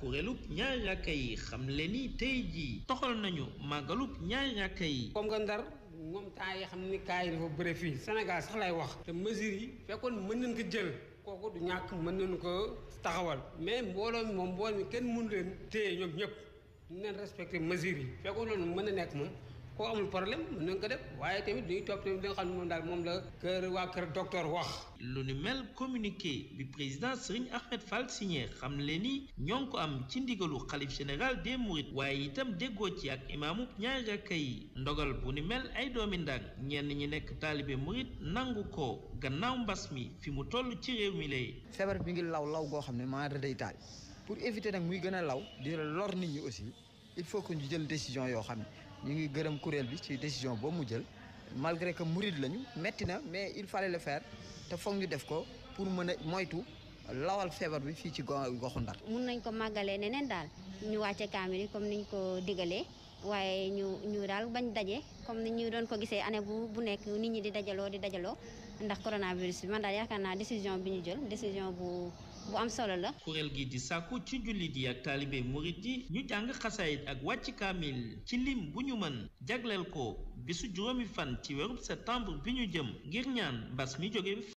kuréelub ñaari ràkka yi xam le ni tey jii toxal nañu màggalub ñaari ràkka yi comme nga ndar moom temps yi xam ni kaay yi dafa bëre fii Sénégal sax lay wax te masir yi fekkoon mën nañ ko jël kooku du ñàkk mën nañu ko taxawal mais mbooloo mi moom mbooloo mi kenn mënu leen téye ñoom ñëpp ñu leen respecté mesures yi fekkoon loolu mën na nekk moom ko amul problème mën nañ ko def waaye tamit dañuy topp tamit li nga xam ne moom daal moom la kër waa kër docteur wax lu ni mel communiqué bi président Serigne Ahmed Fall signé xam le ni ñoo ko am ci ndigalu xalif général des mourides waaye itam déggoo ci ak imaamu ñaari rakka yi ndogal bu ni mel ay doomi ndànk ñenn ñi nekk taalibe murid nangu ko gannaaw mbas mi fi mu toll ci réew mi lay feebar bi ngi law law goo xam ne maa day taal pour éviter nag muy gën a law di lor nit ñi aussi il faut que ñu jël décision yoo xam ne ñu ngi gërëm kuréel bi ci décision boo mu jël malgré que murid lañu metti na mais il fallait le faire te foog ñu def ko pour mën a moytu lawal feebar bi fi ci goxu Ndar. mën nañ ko magalé neneen daal ñu wacce caméra comme niñ ko digalé waaye ñu ñu daal bañ dajé comme niñ ñu doon ko gisé année bu bu nek nit ñi di dajalo di dajalo ndax coronavirus bi man daal yakarna décision bi ñu jël décision bu. bu am la. kuréel gi di sàkku ci jullit yi ak taalibe murit yi ñu jàng xasaayit ak wàcc kaamil ci lim bu ñu mën jagleel ko bisu juróomi fan ci weerub septembre bi ñu jëm ngir ñaan mbas mi jóge.